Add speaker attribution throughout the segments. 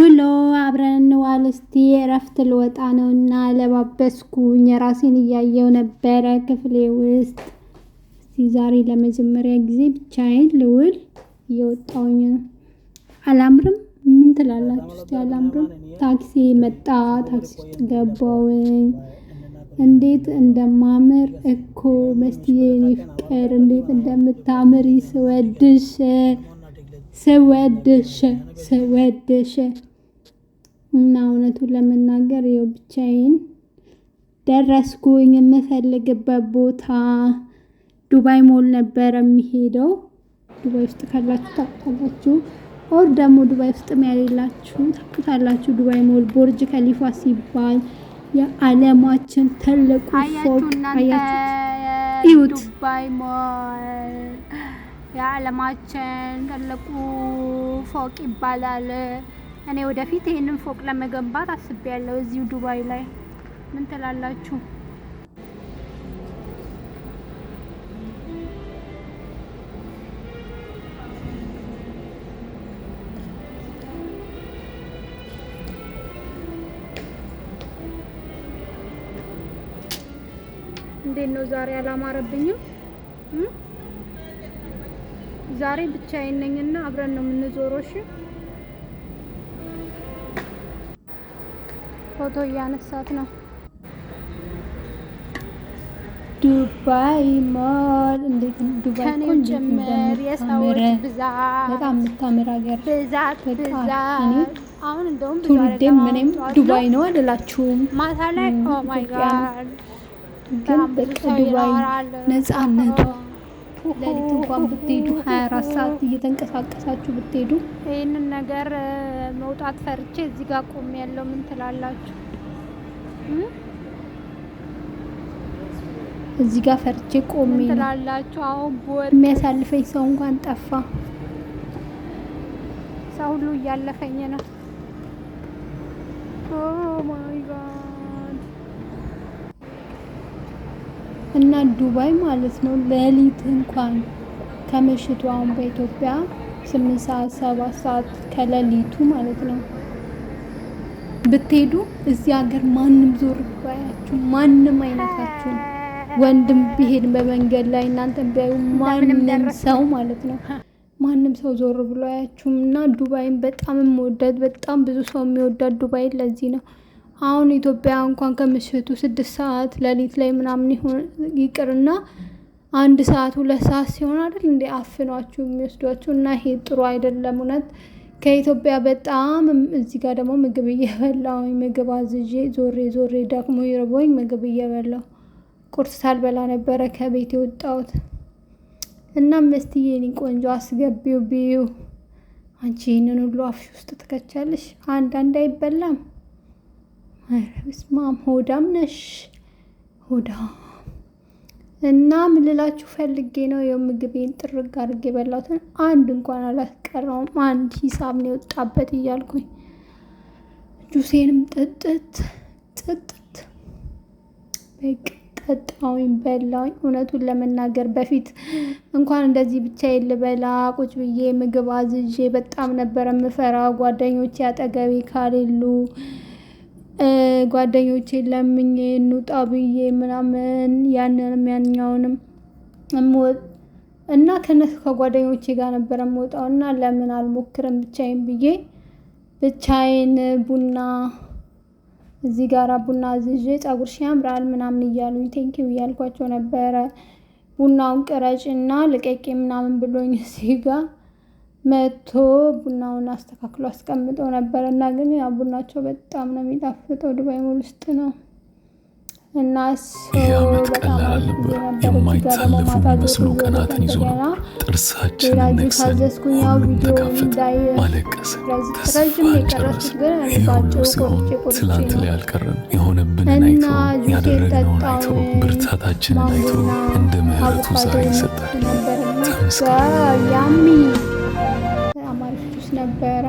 Speaker 1: ውሎ አብረን እንዋል እስቲ እረፍት ልወጣ ነው እና ለባበስኩኝ ራሴን እያየው ነበረ ክፍሌ ውስጥ። እስቲ ዛሬ ለመጀመሪያ ጊዜ ብቻዬን ልውል እየወጣውኝ ነው። አላምርም? ምን ትላላችሁ? እስቲ አላምርም? ታክሲ መጣ። ታክሲ ውስጥ ገባውኝ። እንዴት እንደማምር እኮ መስትዬ ይፍቅር እንዴት እንደምታምር ስወድሽ ስወድሽ ስወድሽ እና እውነቱን ለመናገር ይኸው ብቻዬን ደረስኩኝ የምፈልግበት ቦታ። ዱባይ ሞል ነበር የሚሄደው። ዱባይ ውስጥ ካላችሁ ታውቁታላችሁ፣ ኦር ደግሞ ዱባይ ውስጥም ያሌላችሁ ታውቁታላችሁ። ዱባይ ሞል ቦርጅ ከሊፋ ሲባል የዓለማችን ትልቁ ፎቅ
Speaker 2: ዱባይ ሞል የዓለማችን ትልቁ ፎቅ ይባላል። እኔ ወደፊት ይህንን ፎቅ ለመገንባት አስቤያለሁ እዚሁ ዱባይ ላይ። ምን ትላላችሁ? እንዴት ነው ዛሬ አላማረብኝም? ዛሬ ብቻዬን ነኝና አብረን ነው የምንዞረው። እሺ ፎቶ እያነሳት ነው። ዱባይ ሞል እንዴት ዱባይ እኮ ጭምር የሰዎች ብዛት በጣም የምታምር ሀገር ብዛት ብዛት። አሁን እንደውም ትውልዴም ምንም ዱባይ ነው አልላችሁም። ማታ ላይ ኦ ማይ ጋድ ግን በቃ ዱባይ ለሊት እንኳን ብትሄዱ ሀያ አራት ሰዓት እየተንቀሳቀሳችሁ ብትሄዱ ይህንን ነገር መውጣት ፈርቼ እዚህ ጋር ቆሜ ያለው ምን ትላላችሁ? እዚህ ጋር ፈርቼ ቆሜ ነው ትላላችሁ? አሁን የሚያሳልፈኝ ሰው እንኳን ጠፋ። ሰው ሁሉ እያለፈኝ ነው። ኦ ማይ ጋድ እና ዱባይ ማለት ነው ሌሊት እንኳን ከምሽቱ አሁን በኢትዮጵያ ስምንት ሰዓት ሰባት ሰዓት ከሌሊቱ ማለት ነው ብትሄዱ እዚህ ሀገር ማንም ዞር ባያችሁ ማንም አይነታችሁ ወንድም ቢሄድ በመንገድ ላይ እናንተ ቢያዩ ማንም ሰው ማለት ነው ማንም ሰው ዞር ብሎ አያችሁም። እና ዱባይን በጣም የምወዳት በጣም ብዙ ሰው የሚወዳት ዱባይን ለዚህ ነው። አሁን ኢትዮጵያ እንኳን ከምሽቱ ስድስት ሰዓት ሌሊት ላይ ምናምን ይቅርና አንድ ሰዓት ሁለት ሰዓት ሲሆን አይደል እንደ አፍኗችሁ የሚወስዷችሁ እና ይሄ ጥሩ አይደለም እውነት ከኢትዮጵያ በጣም እዚህ ጋር ደግሞ ምግብ እየበላሁኝ ምግብ አዝዤ ዞሬ ዞሬ ደክሞ ይርቦኝ ምግብ እየበላሁ ቁርስ ሳልበላ ነበረ ከቤት የወጣሁት እና መስትዬ የኔ ቆንጆ አስገቢው ቢዩ አንቺ ይህንን ሁሉ አፍሽ ውስጥ ትከቻለሽ አንዳንድ አይበላም ኧረ በስመ አብ ሆዳም ነሽ እና ምልላችሁ ፈልጌ ነው የምግቤን ጥርግ አድርጌ የበላሁትን አንድ እንኳን አላስቀረውም። አንድ ሂሳብ ነው የወጣበት እያልኩኝ ጁሴንም ጥጥት ጥጥት በቅ ጠጣውኝ በላውኝ። እውነቱን ለመናገር በፊት እንኳን እንደዚህ ብቻዬን ልበላ ቁጭ ብዬ ምግብ አዝዤ በጣም ነበረ ምፈራ ጓደኞቼ አጠገቤ ካሌሉ ጓደኞቼ ለምኝ እንውጣ ብዬ ምናምን ያንንም ያኛውንም እና ከነሱ ከጓደኞቼ ጋር ነበረ የምወጣው እና ለምን አልሞክርም ብቻዬን ብዬ ብቻዬን ቡና እዚህ ጋር ቡና ዝዤ ፀጉርሽ ያምራል ምናምን እያሉኝ ቴንኪው እያልኳቸው ነበረ። ቡናውን ቅረጭ እና ልቀቄ ምናምን ብሎኝ እዚህ ጋር መቶ ቡናውን አስተካክሎ አስቀምጠው ነበረ እና ግን ያ ቡናቸው በጣም ነው የሚጣፍጠው። ዱባይ ሞል ውስጥ ነው እና የዓመት ቀላል አልነበረ። የማይታለፉ የሚመስሉ ቀናትን ይዞ ነበር። ጥርሳችንን ነክሰን ሁሉም ተጋፈጠ። ተስፋ አልጨረስን። ይህ ሲሆን ትላንት ላይ አልቀረም። የሆነብንን አይቶ ያደረግነውን አይቶ ብርታታችንን አይቶ እንደ ምሕረቱ ዛሬ ይሰጣል። ተመስገን። ነበረ።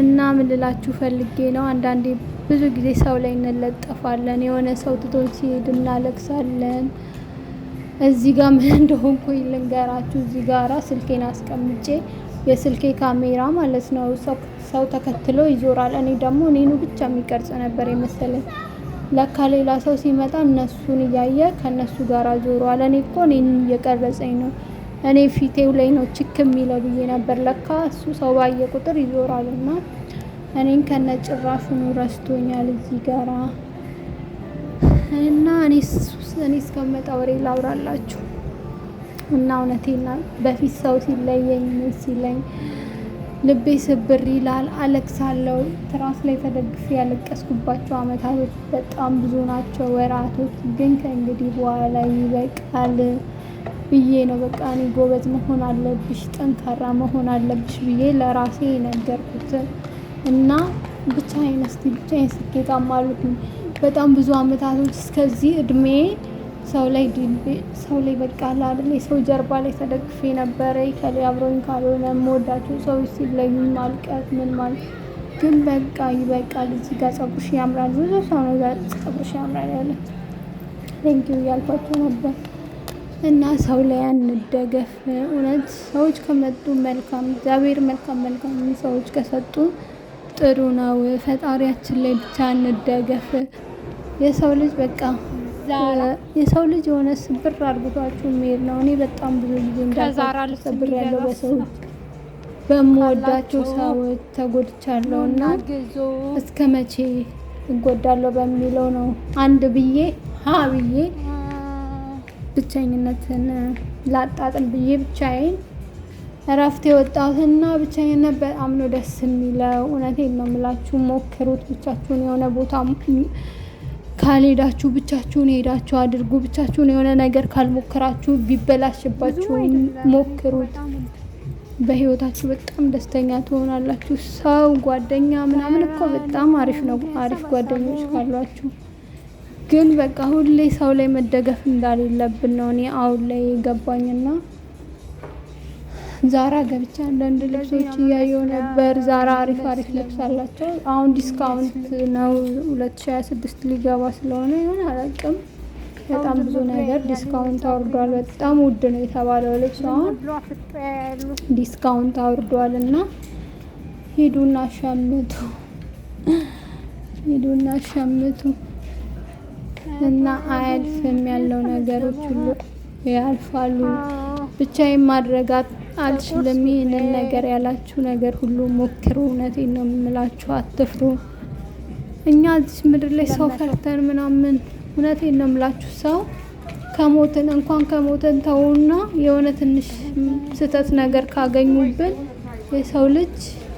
Speaker 2: እና ምን ፈልጌ ነው፣ አንዳንዴ ብዙ ጊዜ ሰው ላይ እንለጠፋለን። የሆነ ሰው ትቶን ሲሄድ እናለቅሳለን። እዚህ ጋር ምን እንደሆንኩ ልንገራችሁ። እዚህ ጋራ ስልኬን አስቀምጬ የስልኬ ካሜራ ማለት ነው ሰው ተከትሎ ይዞራል። እኔ ደግሞ እኔኑ ብቻ የሚቀርጽ ነበር የመሰለኝ። ለካ ሌላ ሰው ሲመጣ እነሱን እያየ ከእነሱ ጋር ዞሯል። እኔ እኮ እኔን እየቀረጸኝ ነው። እኔ ፊቴው ላይ ነው ችክ የሚለው ብዬ ነበር። ለካ እሱ ሰው ባየ ቁጥር ይዞራል እና እኔን ከነ ጭራሹኑ ረስቶኛል እዚህ ጋራ እና እኔ እስከመጣ ወሬ ላውራላችሁ እና እውነቴና በፊት ሰው ሲለየኝ ሲለኝ ልቤ ስብር ይላል፣ አለቅሳለሁ። ትራስ ላይ ተደግፌ ያለቀስኩባቸው አመታቶች በጣም ብዙ ናቸው፣ ወራቶች ግን ከእንግዲህ በኋላ ይበቃል። ብዬ ነው። በቃ እኔ ጎበዝ መሆን አለብሽ፣ ጠንካራ መሆን አለብሽ ብዬ ለራሴ የነገርኩት እና ብቻዬን እስቲ ብቻዬን ስኬታማ አልሆንም። በጣም ብዙ አመታቶች እስከዚህ እድሜ ሰው ላይ ሰው ላይ በቃ ላለ የሰው ጀርባ ላይ ተደግፌ ነበረ። ከሌ አብሮኝ ካልሆነ የምወዳቸው ሰዎች ሲለዩ ማልቀት ምን ማለት ግን በቃ ይበቃል። እዚህ ጋር ጸጉርሽ ያምራል፣ ብዙ ሰው ነው ጸጉርሽ ያምራል ያለ ቴንኪው እያልኳቸው ነበር። እና ሰው ላይ አንደገፍ። እውነት ሰዎች ከመጡ መልካም እግዚአብሔር መልካም መልካም ሰዎች ከሰጡ ጥሩ ነው። ፈጣሪያችን ላይ ብቻ እንደገፍ። የሰው ልጅ በቃ የሰው ልጅ የሆነ ስብር አርግቷችሁ የሚሄድ ነው። እኔ በጣም ብዙ ጊዜ እንዳሰብር ያለው በሰው በምወዳቸው ሰዎች ተጎድቻለሁ እና እስከ መቼ እጎዳለሁ በሚለው ነው አንድ ብዬ ሀ ብዬ ብቸኝነትን ላጣጥን ብዬ ብቻዬን እረፍት የወጣሁትና ብቸኝነት በጣም ነው ደስ የሚለው። እውነቴን ነው የምላችሁ፣ ሞክሩት። ብቻችሁን የሆነ ቦታ ካልሄዳችሁ ብቻችሁን ሄዳችሁ አድርጉ። ብቻችሁን የሆነ ነገር ካልሞከራችሁ ቢበላሽባችሁ ሞክሩት። በህይወታችሁ በጣም ደስተኛ ትሆናላችሁ። ሰው ጓደኛ ምናምን እኮ በጣም አሪፍ ነው፣ አሪፍ ጓደኞች ካሏችሁ ግን በቃ ሁሌ ሰው ላይ መደገፍ እንዳሌለብን ነው እኔ አሁን ላይ ና ዛራ ገብቻ አንዳንድ ልብሶች እያየው ነበር። ዛራ አሪፍ አሪፍ ልብስ አላቸው። አሁን ዲስካውንት ነው 2026 ሊገባ ስለሆነ ይሆን አላውቅም። በጣም ብዙ ነገር ዲስካውንት አውርዷል። በጣም ውድ ነው የተባለው ልብስ አሁን ዲስካውንት አውርዷል እና ሂዱና ሸምቱ፣ ሂዱና ሸምቱ። እና አያልፍም ያለው ነገሮች ሁሉ ያልፋሉ። ብቻዬን ማድረግ አልችልም። ይህንን ነገር ያላችሁ ነገር ሁሉ ሞክሩ። እውነቴ ነው የምላችሁ፣ አትፍሩ። እኛ እዚህ ምድር ላይ ሰው ፈርተን ምናምን፣ እውነቴ ነው የምላችሁ ሰው ከሞትን እንኳን ከሞትን ተውና የሆነ ትንሽ ስህተት ነገር ካገኙብን የሰው ልጅ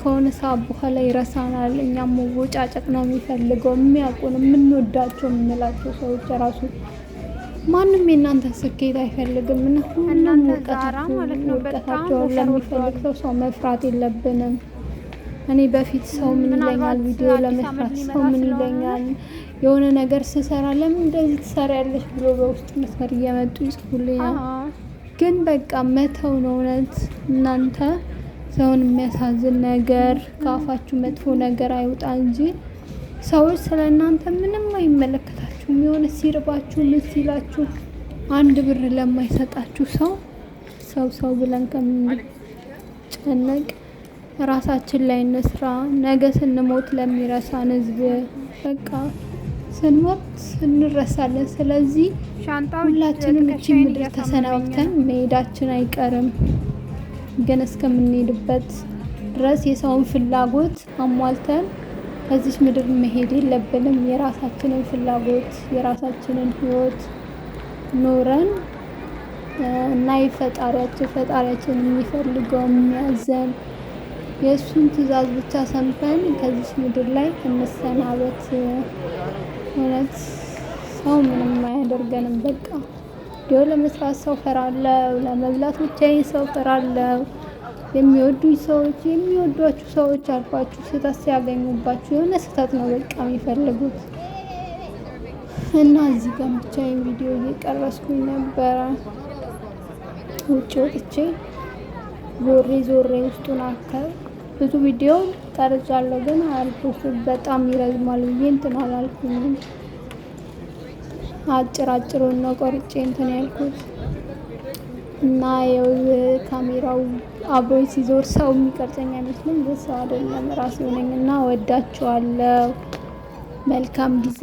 Speaker 2: ከሆነ ሰዓት በኋላ ይረሳናል። እኛም መወጫጨቅ ነው የሚፈልገው። የሚያውቁን የምንወዳቸው የምንላቸው ሰዎች ራሱ ማንም የእናንተ ስኬት አይፈልግም እና ሁሉም ውቀታቸውን ለሚፈልግ ሰው ሰው መፍራት የለብንም። እኔ በፊት ሰው ምን ይለኛል፣ ቪዲዮ ለመስራት ሰው ምን ይለኛል፣ የሆነ ነገር ስሰራ ለምን እንደዚህ ትሰሪያለሽ ብሎ በውስጥ መስመር እየመጡ ይጽፉልኛል። ግን በቃ መተው ነው እውነት እናንተ ሰውን የሚያሳዝን ነገር ከአፋችሁ መጥፎ ነገር አይውጣ እንጂ ሰዎች ስለ እናንተ ምንም አይመለከታችሁም። የሆነ ሲርባችሁ ምን ሲላችሁ አንድ ብር ለማይሰጣችሁ ሰው ሰው ሰው ብለን ከምንጨነቅ ራሳችን ላይ እንስራ። ነገ ስንሞት ለሚረሳን ህዝብ በቃ ስንሞት እንረሳለን። ስለዚህ ሁላችንም እቺ ምድር ተሰናብተን መሄዳችን አይቀርም። ግን እስከምንሄድበት ድረስ የሰውን ፍላጎት አሟልተን ከዚች ምድር መሄድ የለብንም። የራሳችንን ፍላጎት የራሳችንን ህይወት ኖረን እና የፈጣሪያችን ፈጣሪያችን የሚፈልገው የሚያዘን የእሱን ትዕዛዝ ብቻ ሰምተን ከዚች ምድር ላይ እንሰናበት። እውነት ሰው ምንም አያደርገንም በቃ ቪዲዮ ለመስራት ሰው ፈራለው፣ ለመብላት ብቻዬን ሰው ፈራለው። የሚወዱኝ ሰዎች የሚወዷችሁ ሰዎች አልፋችሁ ስህተት ሲያገኙባችሁ የሆነ ስህተት ነው በቃ የሚፈልጉት እና እዚህ ጋር ብቻዬን ቪዲዮ እየቀረስኩኝ ነበረ። ውጭ ወጥቼ ዞሬ ዞሬ ውስጡን አካል ብዙ ቪዲዮ ቀርጫለሁ፣ ግን አልፎ በጣም ይረዝማል ብዬ እንትን አላልኩኝም። አጭር አጭሩን ነው ቆርጬ እንትን ያልኩት እና የው ካሜራው አብሮኝ ሲዞር ሰው የሚቀርጸኝ አይመስልም። ደስ አይደለም ራሴ ሆነኝ እና ወዳችኋለሁ። መልካም ጊዜ